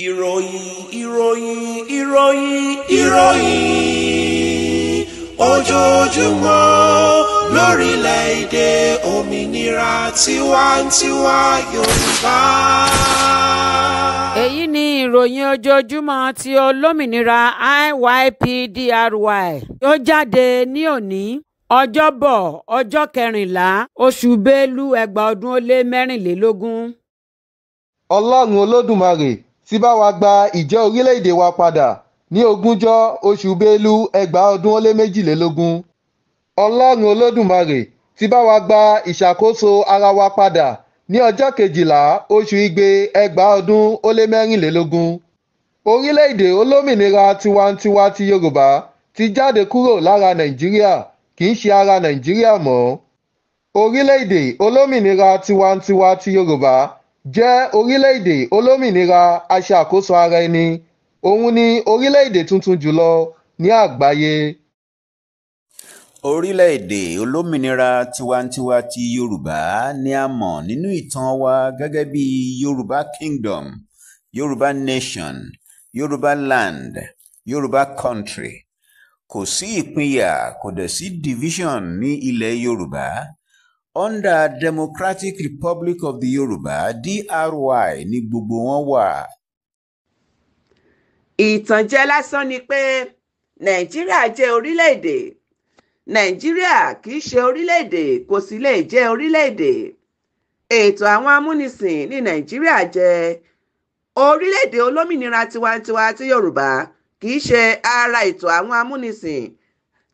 ìròyìn ìròyìn ìròyìn ìròyìn ojoojúmọ́ lórílẹ̀‐èdè òmìnira tiwantiwa yorùbá. èyí ni ìròyìn ojoojúmọ́ ti olómìnira IYPDRY ó jáde ní òní ọjọ́bọ̀ ọjọ́ kẹrìnlá oṣù bélú ẹgbàá ọdún ó lé mẹ́rìnlélógún. ọlọ́run olódùmarè ti bá wa gba ìjẹ́ orílẹ̀-èdè wa padà ní ogúnjọ́ oṣù bélú ẹgbàá ọdún ó lé méjìlélógún ọlọ́run olódùmarè ti bá wa gba ìṣàkóso ara wa padà ní ọjọ́ kejìlá oṣù igbe ẹgbàá ọdún ó lé mẹ́rìnlélógún orílẹ̀-èdè olómìnira tiwantiwa ti yorùbá ti jáde kúrò lára nàìjíríà kì í ṣe ara nàìjíríà mọ́ orílẹ̀-èdè olómìnira tiwantiwa ti yorùbá jẹ́ orílẹ̀-èdè olómìnira aṣàkóso ara ẹni òun ni orílẹ̀-èdè tuntun jùlọ ní àgbáyé. orílẹ̀-èdè olómìnira tiwantiwa ti yorùbá ni a mọ̀ nínú ìtàn wa gẹ́gẹ́ bí yorùbá kingdom yorùbá nation yorùbá land yorùbá country kò sí ìpínyà kò dẹ̀ sí division ní ilẹ̀ yorùbá Under Democratic Republic of the Yoruba (DRY) ni gbogbo wọn wà. Ìtànjẹ lásán ni pé Nàìjíríà jẹ́ orílẹ̀-èdè. Nàìjíríà kì í ṣe orílẹ̀-èdè kò sì lè jẹ́ orílẹ̀-èdè. Ètò àwọn amúnisìn ní Nàìjíríà jẹ́ orílẹ̀-èdè olómìnira tiwantiwa ti Yorùbá kì í ṣe ara ètò àwọn amúnisìn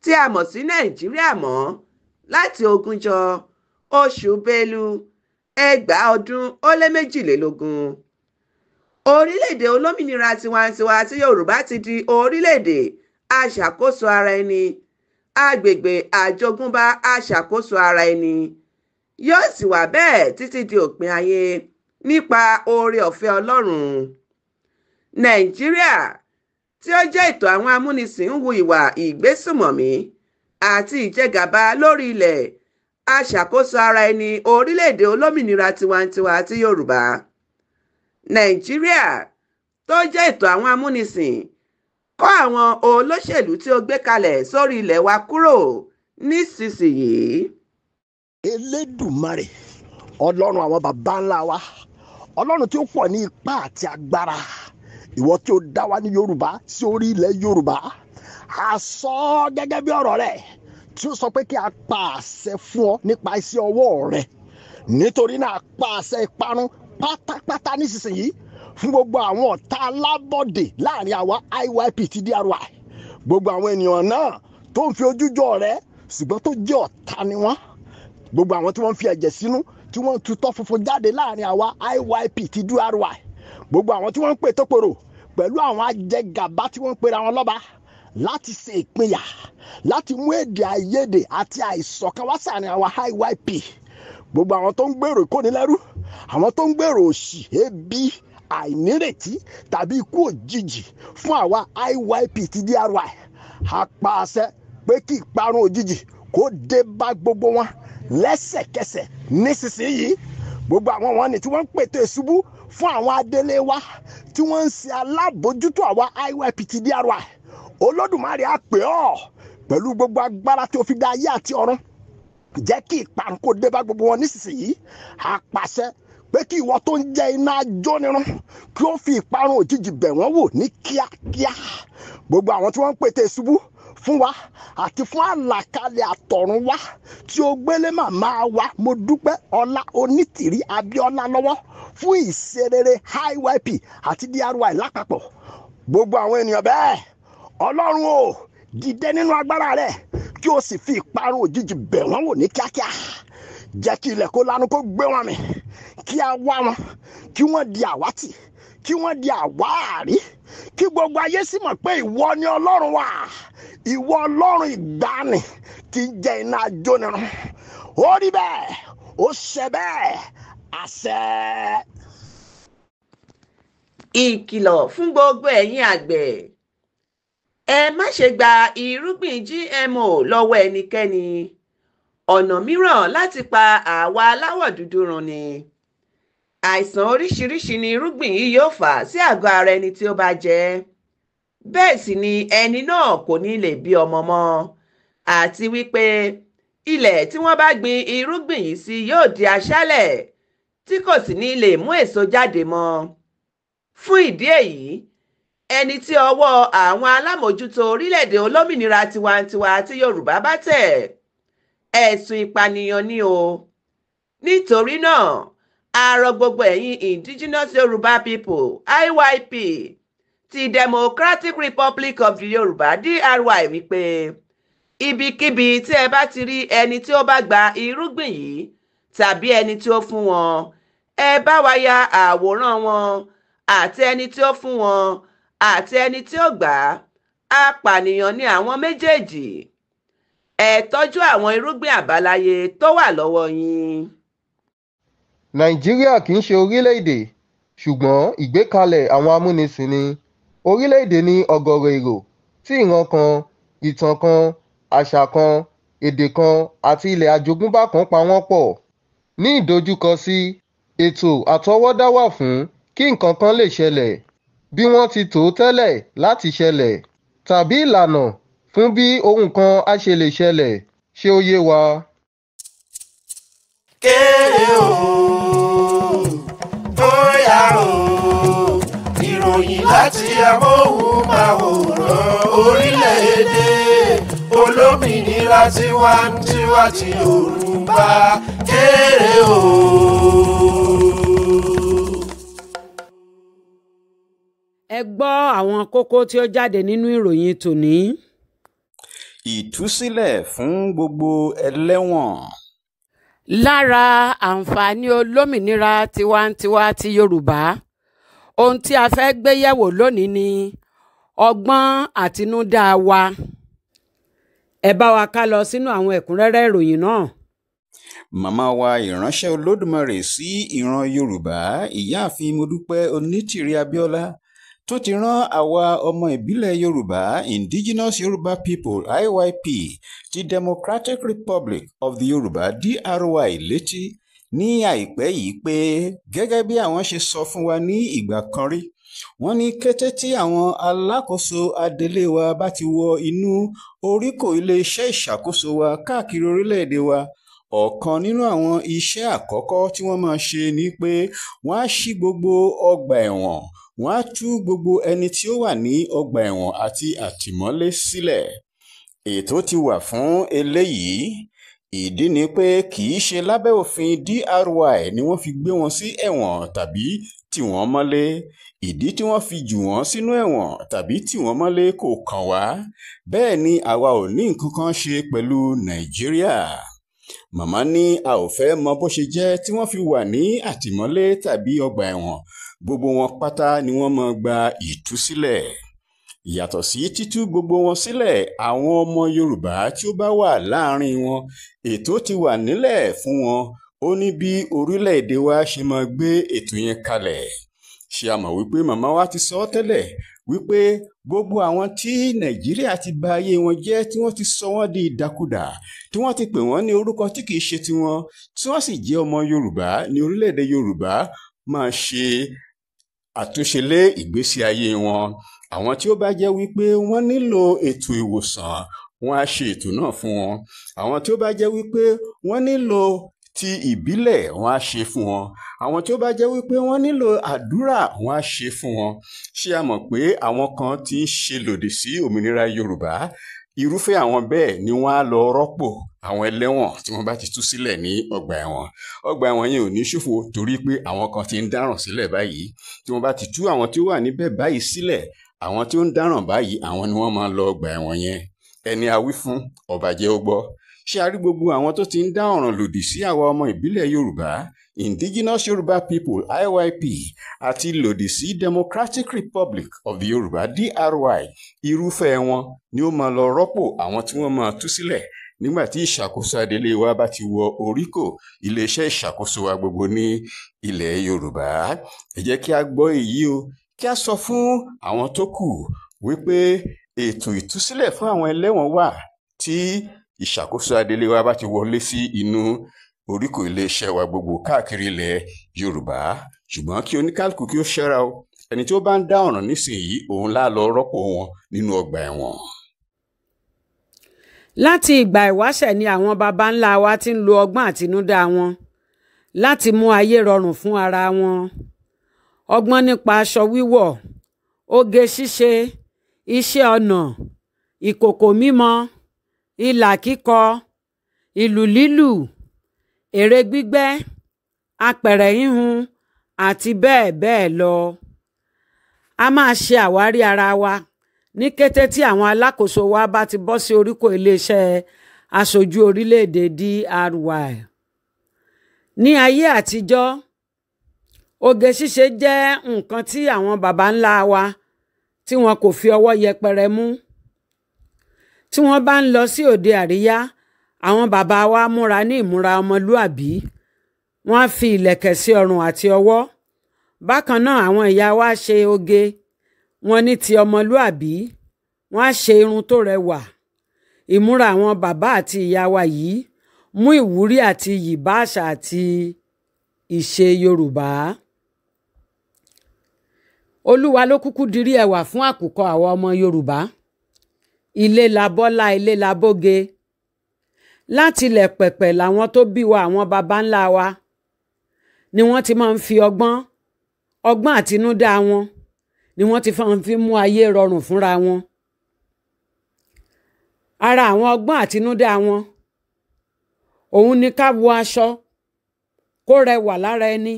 tí a mọ̀ sí Nàìjíríà mọ́ láti ogúnjọ́ oṣù belu ẹgbàá ọdún ó lé méjìlélógún orílẹ̀-èdè olómìnira tiwantiwa tí yorùbá ti di orílẹ̀-èdè aṣàkóso ara ẹni agbègbè àjogúnbá aṣàkóso ara ẹni yóò sì wà bẹ́ẹ̀ títí di òpin ayé nípa oore ọ̀fẹ́ ọlọ́run nàìjíríà tí ó jẹ́ ìtọ̀ àwọn amúnisìn ń hu ìwà ìgbésùmọ̀mí àti ìjẹgàba lórí ilẹ̀ aṣàkóso ara ẹni orílẹ̀-èdè olómìnira tiwantiwa ti yorùbá nàìjíríà tó jẹ́ ètò àwọn amúnisìn kọ́ àwọn olóṣèlú tí ó gbé kalẹ̀ sórí ilẹ̀ wa kúrò nísinsìnyí. elédùmarè ọlọ́run àwọn bàbá ńlá wa ọlọ́run tí ó pọ̀ ní ipá àti agbára ìwọ tí ó dá wa ní yorùbá sí orí ilẹ̀ yorùbá a sọ gẹ́gẹ́ bí ọ̀rọ̀ rẹ̀ tí ó sọ pé kí a pa àṣẹ fún ọ nípa iṣẹ́ ọwọ́ rẹ nítorí náà pa àṣẹ ìparun pátápátá nísinsìnyí fún gbogbo àwọn ọ̀tá alábọ̀dé láàrin àwa IYP ti DRY gbogbo àwọn ènìyàn náà tó ń fi ojú jọ rẹ ṣùgbọ́n tó jẹ́ ọ̀tá ni wọ́n gbogbo àwọn tí wọ́n fi ẹ̀jẹ̀ sínú tí wọ́n ń tutọ́ funfun jáde láàrin àwa IYP ti DRY gbogbo àwọn tí wọ́n ń pè tó pòrò pẹ̀lú àwọn ajẹgàba tí wọ́n ń pera wọn lọ́ba láti ṣe ìpínyà láti mú èdè àìyedè àti àìṣọ̀kan wá sàárín àwa IYP gbogbo àwọn tó ń gbèrò ìkónilẹ́rú àwọn tó ń gbèrò òṣì ebi àìnírètí tàbí ikú òjijì fún àwa IYP ti DRY a pa àṣẹ pé kí ìparun òjijì kó dé bá gbogbo wọn lẹ́sẹ̀kẹsẹ̀ nísinsìnyí gbogbo àwọn wọn ni tí wọ́n ń pètè ìṣubú fún àwọn adélé wa tí wọ́n ń ṣe alábòójútó àwa IYP ti DRY olódùmarè á pè pẹ̀lú gbogbo agbára tí o fi dá ayé àti ọ̀run jẹ́ kí ìparun kó dé bá gbogbo wọn nísinsìnyí àpàṣẹ pé kí ìwọ tó ń jẹ iná jónirun kí ó fi ìparun òjijì bẹ̀ wọ́n wò ní kíákíá gbogbo àwọn tí wọ́n ń pètè ìṣubú fún wa àti fún àlàkalẹ̀ àtọ̀run wa tí o gbélé màmá wa mo dúpẹ́ ọlá onítìrí abíọ́lá lọ́wọ́ fún ìṣerere iyp àti dry lápapọ̀ gbogbo àwọn ènìyàn bẹ́ẹ̀ ọlọ́run o dìde nínú agbára rẹ kí o sì fi ìparun òjijì bẹ̀ wọ́n wò ní kíákíá jẹ́ kí ilẹ̀ kó lanu kó gbé wọn mì kí a wá wọn kí wọ́n di àwátì kí wọ́n di àwárí kí gbogbo ayé sì mọ̀ pé ìwọ ni ọlọ́run wa ìwọ ọlọ́run ìgbani kì í jẹ́ iná ajónirun ó rí bẹ́ẹ̀ ó ṣe bẹ́ẹ̀ àṣẹ. ìkìlọ̀ fún gbogbo ẹ̀yin àgbẹ̀ ẹ má ṣe gba irúgbìn gmo lọ́wọ́ ẹnikẹ́ni ọ̀nà mìíràn láti pa àwa aláwọ̀ dúdú run ni àìsàn oríṣiríṣi ni irúgbìn yìí yóò fà sí àgọ́ ara ẹni tí ó bá jẹ bẹ́ẹ̀ sì ni ẹni náà kò ní lè bí ọmọ mọ́ àti wípé ilẹ̀ tí wọ́n bá gbin irúgbìn yìí sí yóò di aṣálẹ̀ tí kò sì ní lè mú èso jáde mọ́ fún ìdí èyí ẹni tí ọwọ́ àwọn alámòjútó orílẹ̀-èdè olómìnira tiwantiwa ti Yorùbá bá tẹ̀ ẹ̀sùn ìpànìyàn ni o nítorí náà a gbogbo ẹ̀yin indigenous Yorùbá people IYP ti Democratic Republic of the Yorùbá DRY wípé ibikíbi tí ẹ bá ti rí ẹni tí ó bá gba irúgbìn yìí tàbí ẹni tí ó fún wọn ẹ bá wa ya àwòrán wọn àti ẹni tí ó fún wọn àti ẹni tí ó gbà á apànìyàn ni àwọn méjèèjì ẹ tọ́jú àwọn irúgbìn àbáláyé tó wà lọ́wọ́ yín. nàìjíríà kì í ṣe orílẹ̀-èdè ṣùgbọ́n ìgbékalẹ̀ àwọn amúnisìn ni orílẹ̀-èdè ní ọ̀gọ̀rọ̀ èrò tí ìran kan ìtàn kan àṣà kan èdè kan àti ilẹ̀ àjogúnbá kan pa wọ́n pọ̀ ní ìdojúkọ sí ètò àtọwọ́dá wà fún kí nǹkan kan lè ṣẹlẹ̀ bí wọ́n ti tò ó tẹ́lẹ̀ láti ṣẹlẹ̀ tàbí ìlànà fún bí ohun kan á ṣe lè ṣẹlẹ̀ ṣé ó yé wa. kéré o bóyá o ìròyìn láti amóhùnmáwòrán orílẹ̀-èdè olómìnira tiwantiwa ti Yorùbá kéré. ẹ gbọ́ àwọn kókó tí ó jáde nínú ìròyìn tòní. ìtúsílẹ̀ fún gbogbo ẹlẹ́wọ̀n. lára àǹfààní olómìnira tiwantiwa ti yorùbá ohun tí a fẹ́ gbé yẹ̀wò lónìí ni ọgbọ́n àtinúdá wa. ẹ bá wa ká lọ sínú àwọn ẹ̀kúnrẹ́rẹ́ ìròyìn náà màmá wa ìránṣẹ́ olódùmarè sí ìran yorùbá ìyáàfin modúpẹ́ onítìrí abíọ́lá tó ti rán àwa ọmọ ìbílẹ̀ yorùbá indigenous yorùbá people IYP ti democratic republic of the yorùbá DRY létí ní àìpẹ́ yìí pé gẹ́gẹ́ bí àwọn ṣe sọ fún wa ní ìgbà kan rí wọ́n ní kété tí àwọn alákòóso adelé wa bá ti wọ inú oríkò iléeṣẹ́ ìṣàkóso wa káàkiri orílẹ̀-èdè wa ọ̀kan nínú àwọn iṣẹ́ àkọ́kọ́ tí wọ́n máa ṣe ni pé wọ́n á ṣí gbogbo ọgbà ẹ̀wọ̀n wọ́n á tú gbogbo ẹni tí ó wà ní ọgbà ẹ̀wọ̀n àti àtìmọ́lé sílẹ̀ ètò ti wà fún eléyìí ìdí ni pé kì í ṣe lábẹ́ òfin dry ni wọ́n fi gbé wọn sí ẹ̀wọ̀n tàbí tì wọ́n mọ́lé ìdí tí wọ́n fi jù wọ́n sínú ẹ̀wọ̀n tàbí tì wọ́n mọ́lé kò kàn wá bẹ́ẹ̀ ni àwa ò ní nǹkan kan ṣe pẹ̀lú nàìjíríà màmá ní a ò fẹ́ mọ bó ṣe jẹ́ tí wọ́n fi wà ní àtìmọ́lé tàbí ọgbà ẹ̀wọ̀n gbogbo wọn pátá ni wọ́n máa gba ìtúsílẹ̀ yàtọ̀ sí títú gbogbo wọn sílẹ̀ àwọn ọmọ Yorùbá tí ó bá wà láàrin wọn ètò ti wà nílẹ̀ fún wọn ó ní bí orílẹ̀-èdè wa ṣe máa gbé ètò yẹn kalẹ̀ ṣe a mọ̀ wípé màmá wa ti sọ ọ́ tẹ́lẹ̀ wípé gbogbo àwọn tí Nàìjíríà ti bà ayé wọn jẹ́ tí wọ́n ti sọ wọ́n di ìdàkudà tí wọ́n ti pè wọ́n ní orúkọ tí kìí ṣe tiwọn tí wọ́n sì jẹ́ ọmọ Yorùbá ní orílẹ̀-èdè Yorùbá máa ṣe àtúnṣe lé ìgbésí ayé wọn àwọn tí ó bá jẹ́ wípé wọ́n nílò ètò ìwòsàn wọn á ṣe ètò náà fún wọn àwọn tí ó bá jẹ́ wípé wọ́n nílò ti ìbílẹ̀ wọn á ṣe fún wọn àwọn tí ó bá jẹ́ wípé wọ́n nílò àdúrà wọn á ṣe fún wọn ṣé a mọ̀ pé àwọn kan ti ń ṣe lòdì sí òmìnira Yorùbá irúfẹ́ àwọn bẹ́ẹ̀ ni wọ́n á lọ rọ́pò àwọn ẹlẹ́wọ̀n tí wọ́n bá ti tú sílẹ̀ ní ọgbà ẹ̀wọ̀n ọgbà ẹ̀wọ̀n yẹn ò ní ṣòfò torí pé àwọn kan ti ń dáràn sílẹ̀ báyìí tí wọ́n bá ti tú àwọn tí ó wà níbẹ̀ báyìí sílẹ̀ àwọn tí ó ń dáràn báyìí àwọn ni wọ́n máa lọ ọgbà ẹ̀wọ̀n yẹn ẹni a wí fún ọ̀bàjẹ́ ó gbọ́ ṣé a rí gbogbo àwọn tó ti ń dá ọ̀ràn lòdì sí àwa ọmọ ìbílẹ̀ Yorùbá indigenous yoruba people iyp àti lòdì sí democratic republic of the yorùbá dry irúfẹ́ wọn ni ó máa lọ rọ́pò àwọn tí wọ́n máa tú sílẹ̀ nígbà tí ìṣàkóso adelé wa bá ti wọ oríkò iléeṣẹ́ ìṣàkóso wa gbogbo ní ilẹ̀ yorùbá ẹ jẹ́ kí a gbọ́ èyí o kí a sọ fún àwọn tó kù wípé ètò ìtúsílẹ̀ fún àwọn ẹlẹ́wọ̀n wà tí ìṣàkóso adelé wa bá ti wọlé sí inú oríkò iléeṣẹ́ wa gbogbo káàkiri ilẹ̀ yorùbá ṣùgbọ́n kí oníkálukú kí ó ṣẹ́ra o ẹni tí ó bá ń dá ọ̀ràn nísìnyí òun lá rọ́pò wọn nínú ọgbà ẹ̀wọ̀n. láti ìgbà ìwáṣẹ̀ ni àwọn baba ńlá wa ti ń lo ọgbọ́n àtinúdá wọn láti mú ayé rọrùn fún ara wọn ọgbọ́n nípa aṣọ wíwọ̀ oge ṣíṣe iṣẹ́ ọnà ìkòkò mímọ ilà kíkọ ìlù lílù ère gbígbẹ́ apẹ̀rẹ̀ híhun àti bẹ́ẹ̀ bẹ́ẹ̀ lọ. a máa ṣe àwárí ara wa ní kété tí àwọn alákòóso wa bá ti bọ́ sí oríkò iléeṣẹ́ aṣojú orílẹ̀-èdè DRY. ní ayé àtijọ́ oge ṣíṣe jẹ́ nǹkan tí àwọn baba ńlá wa tí wọn kò fi ọwọ́ yẹpẹrẹ mú tí wọ́n bá ń lọ sí òde àríyá àwọn bàbá wa múra ní ìmúra ọmọlúàbí wọ́n á fi ìlẹ̀kẹ̀ sí ọrùn àti ọwọ́ bákan náà àwọn ìyá wa ṣe oge wọn ní ti ọmọlúàbí wọ́n á ṣe irun tó rẹwà ìmúra àwọn bàbá àti ìyá wa yìí mú ìwúrí àti iyì bá àṣà àti ìṣe Yorùbá olúwa ló kúkú dirí ẹwà fún àkùkọ àwọn ọmọ Yorùbá ilé labọ́lá ilé labóge láti ilẹ̀ pẹ̀pẹ̀ làwọn tó bí wa àwọn baba ńlá wa ni wọ́n ti máa ń fi ọgbọ́n ọgbọ́n àtinúdá wọn ni wọ́n ti máa ń fi mú ayé rọrùn fúnra wọn ara àwọn ọgbọ́n àtinúdá wọn òun ni ká wọ aṣọ kó rẹwà lára ẹni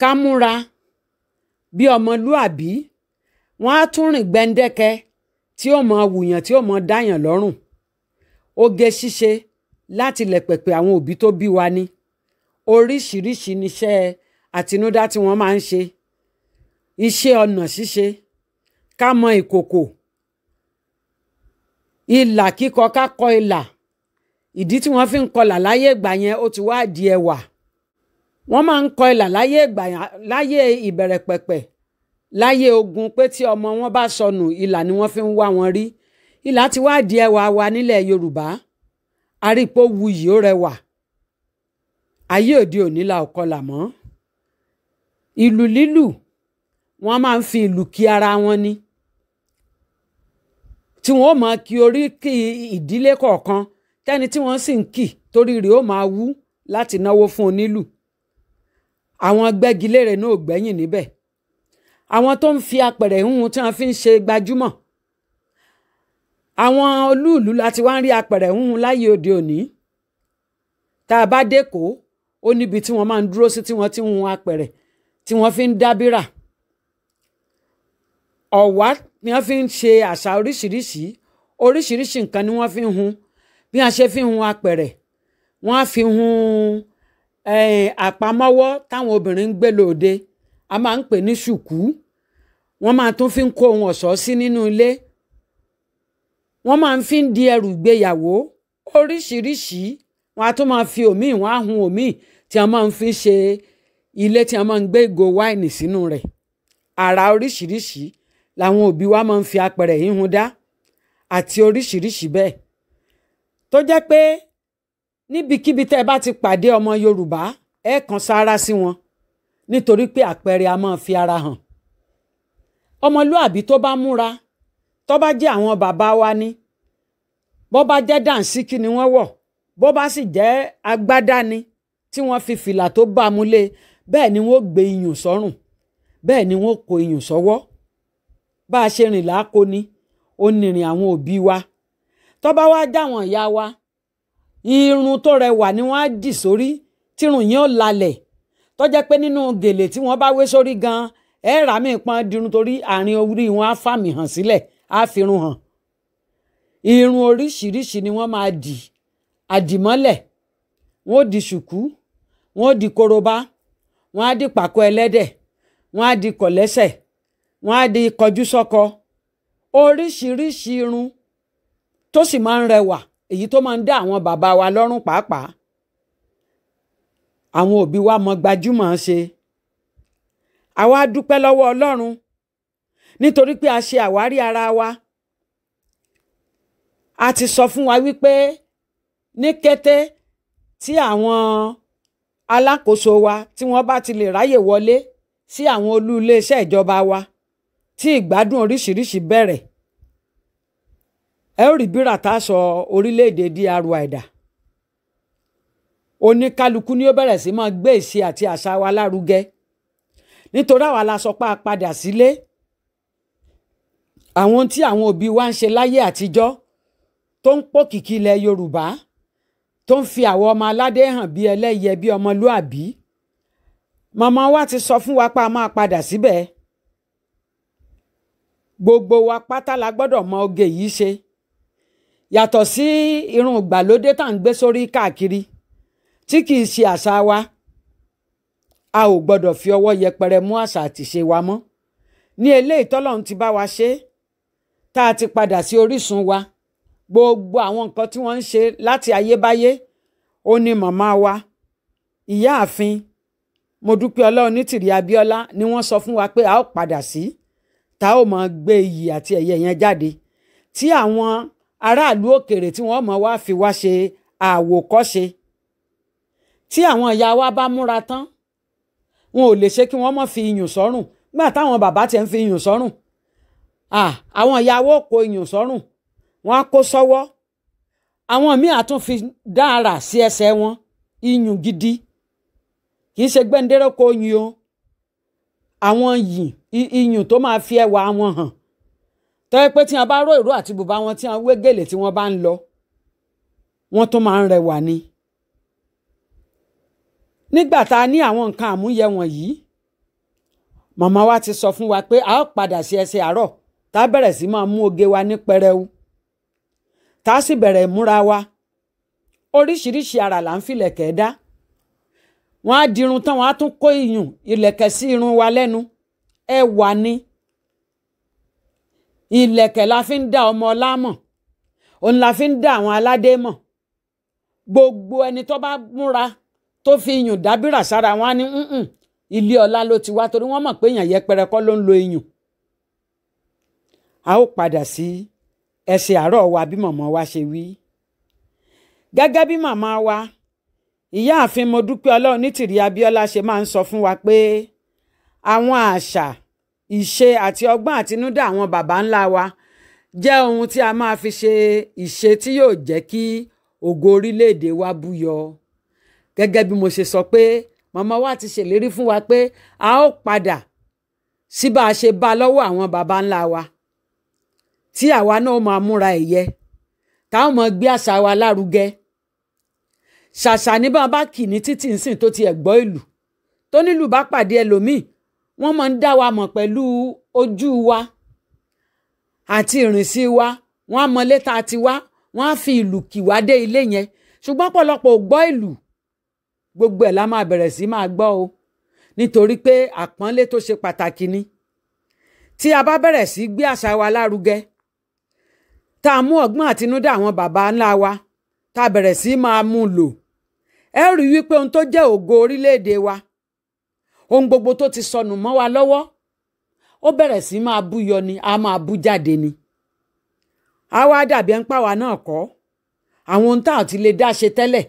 ká múra bí ọmọlúàbí wọ́n á tún rìn gbẹ́ndẹ́kẹ́ tí ó mọ wùyàn tí ó mọ dáyàn lọ́rùn oge ṣíṣe láti lè pẹ̀pẹ̀ àwọn òbí tó bí wa ni oríṣiríṣi níṣẹ́ àtinúdá tí wọ́n máa ń ṣe iṣẹ́ ọnà ṣíṣe ká mọ ìkòkò ìlà kíkọ ká kọ ìlà ìdí tí wọ́n fi ń kọlà láyé ìgbà yẹn ó ti wá di ẹwà wọ́n máa ń kọ ìlà láyé ìgbà yẹn láyé ìbẹ̀rẹ̀ láyé ogun pé tí ọmọ wọn bá sọnù ìlà ni wọ́n fi ń wá wọn rí ìlà ti wá di ẹwà wa nílẹ̀ yorùbá àrípò wuyì ó rẹwà ayé òde òní la ò kọlà mọ́ ìlù lílù wọ́n máa ń fi ìlù kí ara wọn ni tí wọ́n ó máa kí orí kí ìdílé kọ̀ọ̀kan tẹ́ni tí wọ́n sì ń kì torí rẹ̀ ó máa wú láti náwó fún onílù àwọn gbẹ́gilére náà gbẹ́yìn níbẹ̀ àwọn tó ń fi apẹ̀rẹ̀ hùn tí wọ́n fi ń ṣe gbajúmọ̀ àwọn olúùlú láti wá ń rí apẹ̀rẹ̀ húnhun láyé òde òní tá a bá dẹ́kọ̀ọ́ ó níbi tí wọ́n máa ń dúró sí tí wọ́n ti ń hun apẹ̀rẹ̀ tí wọ́n fi ń dábírà ọ̀wá ni wọ́n fi ń ṣe àṣà oríṣiríṣi oríṣiríṣi nǹkan ni wọ́n fi ń hun bí wọ́n ṣe fi ń hun apẹ̀rẹ̀ wọ́n á fi hun àpamọ́wọ́ táwọn obìnrin ń gbé lóde a máa ń pè ní ṣùkú wọ́n máa tún fi ń kó ohun ọ̀ṣọ́ sí nínú ilé wọ́n máa ń fi ń di ẹrù ìgbéyàwó oríṣiríṣi wọn a tún máa fi òmíì wọn á hun òmíì tí a máa ń fi ṣe ilé tí a máa ń gbé ìgò wáìnì sínú rẹ̀ àrà oríṣiríṣi làwọn òbí wa máa ń fi apẹ̀rẹ̀ híhun dá àti oríṣiríṣi bẹ́ẹ̀ tó jẹ́ pé níbikíbi tẹ́ ẹ bá ti pàdé ọmọ Yorùbá ẹ kàn sára sí wọn nítorí pé àpẹẹrẹ a máa fi ara hàn ọmọlúàbí tó bá múra tó bá jẹ́ àwọn bàbá wa ni bó bá jẹ́ dànsíkí ni wọ́n wọ̀ bó bá sì jẹ́ agbádá ni tí wọ́n fi fìlà tó bá mu lé bẹ́ẹ̀ ni wọ́n gbé iyùn sọ́rùn bẹ́ẹ̀ ni wọ́n kó iyùn sọ́wọ́ bá a ṣe rìn láko ni ó nìrìn àwọn òbí wa tó bá wá dáwọn ìyá wa irun tó rẹwà ni wọ́n á dì sórí tírun yẹn ò lalẹ̀ tó jẹ́ pé nínú gèlè tí wọ́n bá wé sórí gan-an ẹ̀ rà mí pọn dirun torí àárín orí wọn á fàmì hàn sílẹ̀ si á fi irun hàn irun oríṣiríṣi ni wọ́n máa dì àdìmọ́lẹ̀ wọ́n ó di ṣùkú wọ́n ó di korobá wọ́n á di pàkó ẹlẹ́dẹ̀ wọ́n á di kọ̀lẹ́sẹ̀ wọ́n á di kọjúsọ́kọ oríṣiríṣi irun tó sì máa ń rẹwà èyí tó máa ń dá àwọn bàbá wa lọ́rùn pàápàá àwọn òbí wa mọ gbajúmọ̀ ṣe àwa dúpẹ́ lọ́wọ́ ọlọ́run nítorí pé a ṣe àwárí ara wa a ti sọ fún wa wípé ní kété tí àwọn alákòóso wa tí wọ́n bá ti lè ráyè wọlé sí àwọn olú iléeṣẹ́ ìjọba wa tí ìgbádùn oríṣiríṣi bẹ̀rẹ̀ ẹ ó rí bírà tá a sọ orílẹ̀-èdè di àrùwàìdà oníkálukú ni ó bẹ̀rẹ̀ sí máa gbé ìṣe àti àṣà wa lárugẹ nítorí àwa la sọ pé a padà sílé. Si àwọn tí àwọn òbí wa ń ṣe láyé àtijọ́ tó ń pòkìkí ilẹ̀ Yorùbá tó ń fi àwọn ọmọ aládé hàn bí ẹlẹ́yẹ bí ọmọlúàbí màmá wa ti sọ fún wa pa máa padà síbẹ̀ gbogbo wa pátá la gbọ́dọ̀ mọ oge yìí ṣe yàtọ̀ sí irun ìgbàlódé tá à ń gbé sórí káàkiri tí kì í ṣe àṣà wa a ò gbọ́dọ̀ fi ọwọ́ yẹpẹrẹ mú àṣà àtìṣe wa mọ́ ní eléyìí tọ́lọ́run ti bá wa ṣe é tá a ti padà sí orísun wa gbogbo àwọn nǹkan tí wọ́n ń ṣe láti ayébáyé ó ní màmá wa ìyáàfin Modúpẹ́ Ọláonítìrí Abíọ́lá ni wọ́n sọ fún wa pé a ó padà sí tá a ó máa gbé iyì àti ẹ̀yẹ yẹn jáde tí àwọn aráàlú òkèrè tí wọ́n mọ̀ wá fi wá ṣe àwòkọ́ṣe tí àwọn ìyá wa bá múra tán wọn ò lè ṣe kí wọ́n má fi iyùn sọ́rùn gbà táwọn bàbá tiẹ̀ ń fi iyùn sọ́rùn àwọn ìyàwó kò iyùn sọ́rùn wọ́n á kó sọ́wọ́ àwọn míì àtún fi dára sí ẹsẹ̀ wọn iyùn gidi kì í ṣe gbẹ́ndéré kò iyùn o àwọn iyùn tó máa fi ẹwà wọn hàn tọ́wọ́ pé tí wọ́n bá ró ìró àti bùbá wọn tí wọ́n wé gèlè tí wọ́n bá ń lọ wọ́n tún máa ń rẹwà ni. nígbà tá a ní àwọn nǹkan àmúyẹ wọ̀nyí màmá wa ti sọ fún wa pé a ó padà sí ẹsẹ̀ àárọ̀ tá a bẹ̀rẹ̀ sí máa mú oge wa ní pẹrẹu tá a sì bẹ̀rẹ̀ múra wa oríṣiríṣi ara là ń filẹ̀kẹ̀ dá wọ́n á dirun tán wọ́n á tún kó iyùn ìlẹ̀kẹ̀ sí irun wa lẹ́nu ẹ wà ní ìlẹ̀kẹ̀ la fi ń dá ọmọ ọlá mọ̀ òun la fi ń dá àwọn aládé mọ̀ gbogbo ẹni tó bá múra tó fi iyùn dábìrà sára wọn á ní ilé ọlá ló ti wá torí wọ́n mọ̀ pé èèyàn yẹpẹrẹ kọ́ ló ń lo iyùn a ó padà sí ẹsẹ̀ àárọ̀ wa bí màmá wa ṣe wí. gẹ́gẹ́ bí màmá wa ìyáàfin Modúpẹ́ Ọlọ́runnítìrí Abíọ́lá ṣe máa ń sọ fún wa pé àwọn àṣà ìṣe àti ọgbọ́n àtinúdá àwọn baba ńlá wa jẹ́ ohun tí a máa fi ṣe ìṣe tí yóò jẹ́ kí ògo orílẹ̀-èdè wa búyọ gẹ́gẹ́ bí mo ṣe sọ pé màmá wa ti ṣèlérí fún wa pé a ó padà sí bá a ṣe bá lọ́wọ́ àwọn baba ńlá wa tí àwa náà máa múra ẹ̀yẹ táwọn máa gbé àṣà wa lárugẹ ṣàṣà ní bá bá kì ní títí nsìn tó ti ẹ̀ ìlú tó nílùú bá pàdé ẹlòmíì wọ́n máa ń dá wa mọ̀ pẹ̀lú ojú wa àti ìrìnsí wa wọ́n á mọ létà tiwa wọ́n á fi ìlú kì wá dé ilé yẹn ṣùgbọ́n ọ̀pọ̀lọpọ̀ ò gbọ́ ìlú gbogbo ẹ̀ la máa bẹ̀rẹ̀ sí máa gbọ́ o nítorí pé àpọ́nlé tó ṣe pàtàkì ni tí a bá bẹ̀rẹ̀ sí gbé àṣà wa lárugẹ tá a mú ọgbọ́n àtinúdá àwọn baba ńlá wa tá a bẹ̀rẹ̀ sí máa mú un lò ẹ rí wípé ohun tó jẹ́ ògo orílẹ̀-èdè wa ohun gbogbo tó ti sọnù mọ́ wa lọ́wọ́ ó bẹ̀rẹ̀ sí máa bú yọ ni a máa bú jáde ni a wá dàbí ẹ̀ ń pàwá náà kọ́ àwọn ohun tá a ti lè dá ṣe tẹ́lẹ̀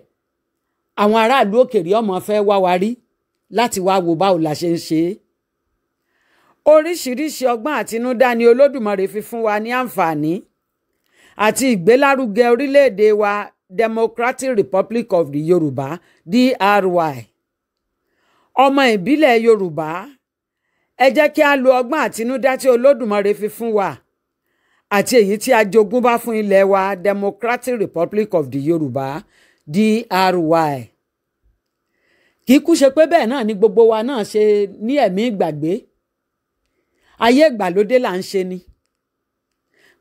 àwọn aráàlú òkèèrè ọmọ fẹ́ wá wa rí láti wá wo báwo la ṣe ń ṣe é oríṣiríṣi ọgbọ́n àtinúdá ni Olódùmarè fi fún wa ní àǹfààní àti ìgbélárugẹ orílẹ̀-èdè wa Democratic Republic of the Yorùbá DRY ọmọ ìbílẹ̀ Yorùbá ẹ jẹ́ kí a lo ọgbọ́n àtinúdá tí Olódùmarè fi fún wa àti èyí tí a jogún bá fún ilẹ̀ wa Democratic Republic of the Yorùbá DRY kì í kú ṣe pé bẹ́ẹ̀ náà ni gbogbo wa náà ṣe ní ẹ̀mí ìgbàgbé ayé ìgbàlódé là ń ṣe ni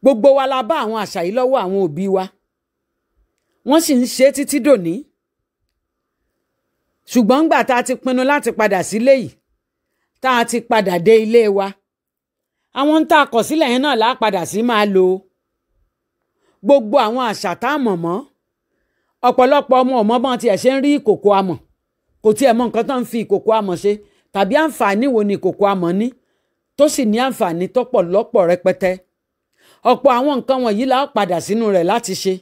gbogbo wa la bá àwọn àṣà yìí lọ́wọ́ àwọn òbí wa wọ́n sì ń ṣe títí dòní ṣùgbọ́n ńgbà tá a ti pinnu láti padà sílé yìí tá a ti padà dé ilé wa àwọn tá a kọ̀ sílẹ̀ yẹn náà láà padà sí máa lò gbogbo àwọn àṣà tá a mọ̀ mọ́ ọ̀pọ̀lọpọ̀ ọmọ ọmọ bọ́n tiẹ̀ ṣe ń rí ìkòkò amọ̀ kò tiẹ̀ mọ nǹkan tó ń fi ìkòkò amọ̀ ṣe tàbí àǹfààní wo ni ìkòkò amọ̀ ní tó sì ní àǹfààní tó rẹpẹtẹ ọ̀pọ̀ àwọn nǹkan wọ̀nyí la padà sínú rẹ̀ láti ṣe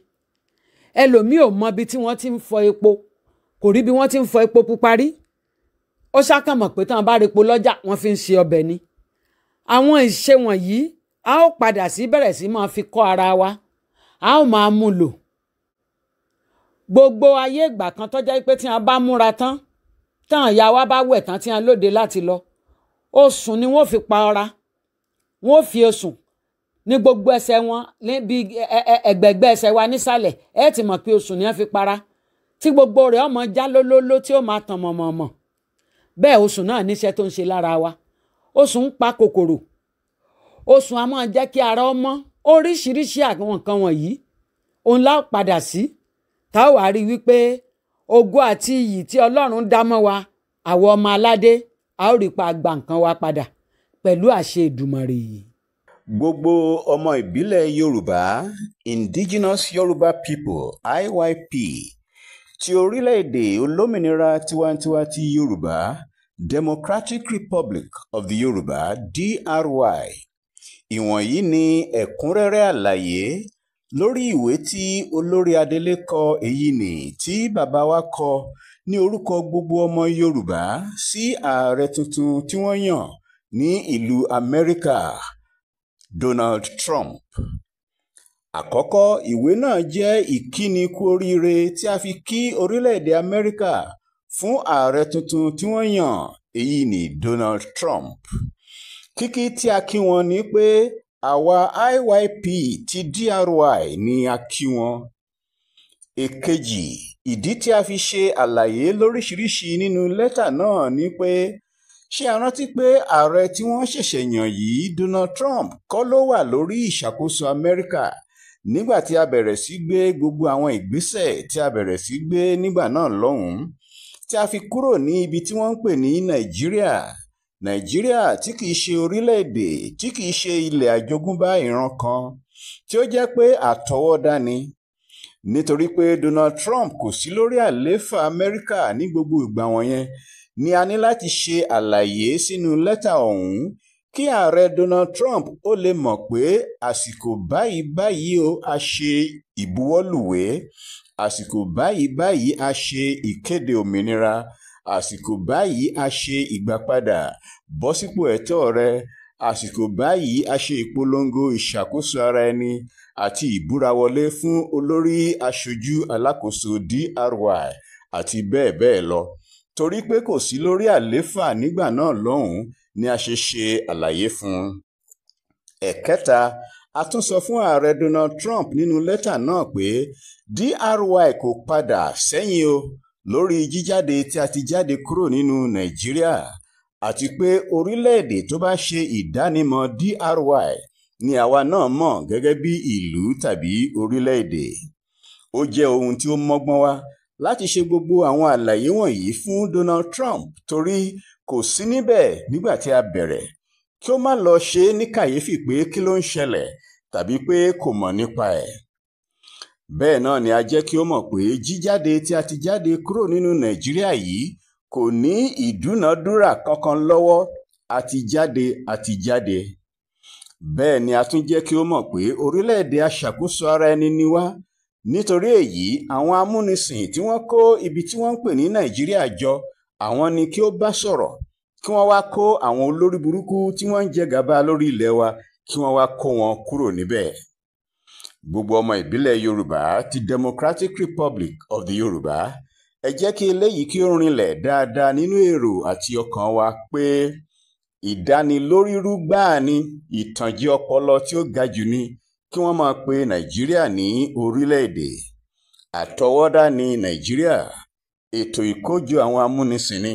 ẹlòmíì ò mọ ibi tí wọ́n ti ń fọ epo kò rí bí wọ́n ti ń fọ epo pupa rí ó ṣàkàmọ̀ pé tán bá repo lọ́jà wọ́n fi ń ṣe ọbẹ̀ ni àwọn ìṣe wọ̀nyí a ó padà sí bẹ̀rẹ̀ sí máa fi kọ́ ara wa a ó máa mú lò gbogbo ayé ìgbà kan tó jẹ́ pé tí wọ́n bá múra tán tán ìyá wa bá wẹ̀ tán tí wọ́n lóde láti lọ osùn ni wọ́n fi pa ara wọ́n fi osùn ní gbogbo ẹsẹ̀ wọn níbi ẹgbẹ̀gbẹ́ ẹsẹ̀ wa nísàlẹ̀ ẹ ti mọ̀ pé oṣù ni wọ́n fi para tí gbogbo rẹ̀ ọmọ já lólóló tí ó máa tàn mọ̀mọ̀mọ̀ bẹ́ẹ̀ oṣù náà níṣẹ́ tó ń ṣe lára wa oṣù ń pa kòkòrò oṣù a máa jẹ́ kí ara ọmọ oríṣiríṣi àwọn nǹkan wọ̀nyí òun lá padà sí tá a wàá rí wípé ògo àti iyì tí Ọlọ́run dá mọ́ wa àwọn ọmọ aládé a ó rí pa àgbà nǹkan wa padà pẹ̀lú àṣẹ Èdùmàrè yìí gbogbo ọmọ ìbílẹ̀ yorùbá indigenous yorùbá people iyp ti orílẹ̀-èdè olómìnira tiwantiwa ti yorùbá democratic republic of the yorùbá dry ìwọ̀nyí ni ẹ̀kúnrẹ́rẹ́ àlàyé lórí ìwé tí olórí adelé kọ èyí nì tí bàbá wa kọ ní orúkọ gbogbo ọmọ yorùbá sí ààrẹ tuntun tí wọ́n yàn ní ìlú amẹ́ríkà Donald Trump. Àkọ́kọ́ ìwé náà jẹ́ ìkíni kú oríire tí a fi kí orílẹ̀-èdè Amẹ́ríkà fún ààrẹ tuntun tí wọ́n yàn èyí ni Donald Trump. Kíkí tí a kí wọn ni pé àwa IYP ti DRY ni a kí wọn. Èkejì ìdí tí a fi ṣe àlàyé lóríṣiríṣi nínú lẹ́tà náà ni pé ṣé a rántí pé ààrẹ tí wọ́n ṣẹ̀ṣẹ̀ yàn yìí Donald Trump kọ́ ló wà lórí ìṣàkóso Amẹ́ríkà nígbà tí a bẹ̀rẹ̀ sí gbé gbogbo àwọn ìgbésẹ̀ tí a bẹ̀rẹ̀ sí gbé nígbà náà lọ́hùn-ún tí a fi kúrò ní ibi tí wọ́n ń pè ní Nàìjíríà Nàìjíríà tí kìí ṣe orílẹ̀-èdè tí kìí ṣe ilẹ̀ àjogúnbá ìran kan tí ó jẹ́ pé àtọwọ́dá ni nítorí pé Donald Trump kò sí lórí àlééfà Amẹ́ríkà ní gbogbo ìgbà wọ̀nyẹn ni a ní láti ṣe àlàyé sínú lẹ́tà ọ̀hún kí ààrẹ Donald Trump ó lè mọ̀ pé àsìkò báyìí báyìí ó a ṣe ìbuwọ́lùwé àsìkò báyìí báyìí a ṣe ìkéde òmìnira àsìkò báyìí a ṣe ìgbàpadà bọ́ sípò ẹ̀tọ́ rẹ àsìkò báyìí a ṣe ìpolongo ìṣàkóso ara ẹni àti ìbúrawọlé fún olórí aṣojú alákòóso DRY àti bẹ́ẹ̀ bẹ́ẹ̀ lọ torí pé kò sí lórí àlééfà nígbà náà lọ́hùn ni a ṣe ṣe àlàyé fún un. ẹ̀kẹta a tún sọ fún ààrẹ Donald Trump nínú lẹ́tà náà pé DRY kò padà sẹ́yìn o lórí jíjáde tí a ti jáde kúrò nínú Nàìjíríà àti pé orílẹ̀-èdè tó bá ṣe ìdánimọ̀ DRY ni àwa náà mọ̀ gẹ́gẹ́ bí ìlú tàbí orílẹ̀-èdè ó jẹ́ ohun tí ó mọ́gbọ́n wá láti ṣe gbogbo àwọn àlàyé wọ̀nyí fún Donald Trump torí kò sí níbẹ̀ nígbà tí a bẹ̀rẹ̀ kí ó má lọ ṣe é ní kàyéfì pé kí ló ń ṣẹlẹ̀ tàbí pé kò mọ̀ nípa ẹ̀. bẹ́ẹ̀ náà ni a jẹ́ kí ó mọ̀ pé jíjáde tí a ti jáde kúrò nínú Nàìjíríà yìí kò ní ìdúnàdúrà kankan lọ́wọ́ àti jáde bẹ́ẹ̀ ni a tún jẹ́ kí ó mọ̀ pé orílẹ̀-èdè aṣàkóso ara ẹni ni wá nítorí èyí àwọn amúnisìn tí wọ́n kó ibi tí wọ́n ń pè ní nàìjíríà jọ àwọn ni kí ó bá sọ̀rọ̀ kí wọ́n wáá kó àwọn olórí burúkú tí wọ́n ń jẹ gàba lórí ilẹ̀ wa kí wọ́n wáá kó wọn kúrò níbẹ̀. gbogbo ọmọ ìbílẹ̀ yorùbá ti democratic republic of the yorùbá ẹ jẹ́ kí eléyìí kí ó rinlẹ̀ dáadáa nínú èrò àti ọkàn wa pé ìdánilórírú gbáà ni ìtànjẹ ọpọlọ tí ó ga jù ni kí wọ́n máa pe nàìjíríà ní orílẹ̀-èdè àtọwọ́dá ní nàìjíríà ètò ìkójọ àwọn amúnisìn ni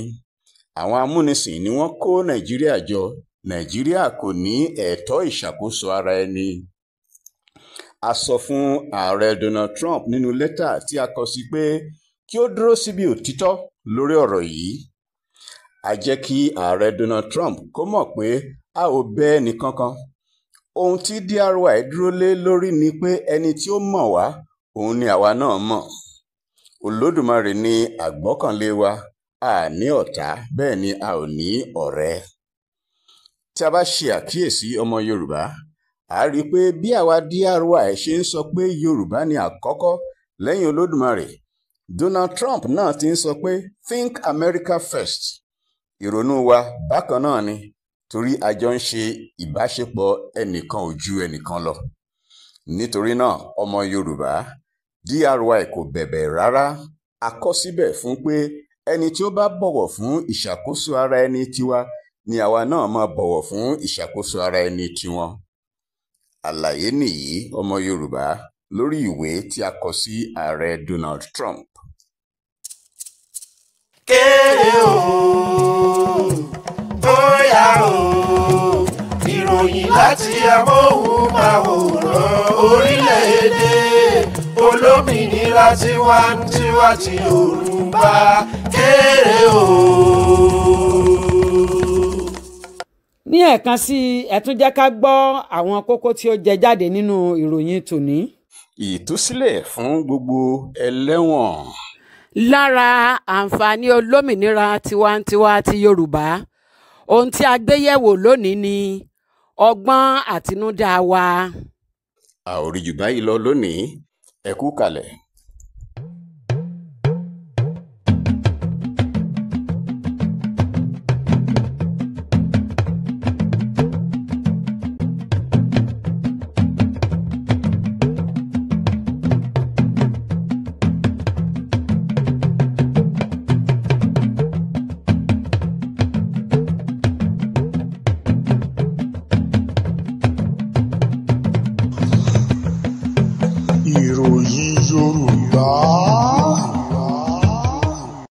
àwọn amúnisìn ni wọ́n kó nàìjíríà jọ nàìjíríà kò ní ẹ̀tọ́ ìṣàkóso ara ẹni a sọ fún ààrẹ donald trump nínú lẹ́tà tí a kọ sí pé kí ó dúró síbi òtítọ́ lórí ọ̀rọ̀ yìí a jẹ́ kí ààrẹ donald trump kó mọ̀ pé a ò bẹ ẹnìkankan ohun tí dry dúró lé lórí ni pé ẹni tí ó mọ̀ wá òun ni àwa náà mọ̀ olódùmarè ni àgbọ́kànlé wa a ní ọ̀tá bẹ́ẹ̀ ni a ò ní ọ̀rẹ́ tí a bá ṣe àkíyèsí ọmọ yorùbá a rí i pé bí àwa dry ṣe ń sọ pé yorùbá ni àkọ́kọ́ lẹ́yìn olódùmarè donald trump náà ti ń sọ pé think america first ìrònú wa bákan náà ni torí a jọ ń ṣe ìbáṣepọ̀ ẹnìkan ò ju ẹnìkan lọ nítorí náà ọmọ yorùbá DRY kò bẹ̀bẹ̀ rárá a kọ síbẹ̀ fún pé ẹni tí ó bá bọ̀wọ̀ fún ìṣàkóso ara ẹni tiwa ni àwa náà máa bọ̀wọ̀ fún ìṣàkóso ara ẹni tiwọn àlàyé nìyí ọmọ yorùbá lórí ìwé tí a kọ sí ààrẹ Donald Trump. kéré o tó yá o ìròyìn láti amóhùnmáwòrán orílẹ̀-èdè olómìnira tiwantiwa ti Yorùbá kéré o. ní ẹ̀ẹ̀kan sí ẹ tún jẹ́ ká gbọ́ àwọn kókó tí ó jẹ jáde nínú ìròyìn tòní. ìtúsílẹ̀ fún gbogbo ẹlẹ́wọ̀n. lára àǹfààní olómìnira tiwantiwa ti Yorùbá ohun tí a gbé yẹ̀wò lónìí ni ọgbọ́n àtinúdá wa. a ò rí jù báyìí lọ lónìí ẹ kú kalẹ̀.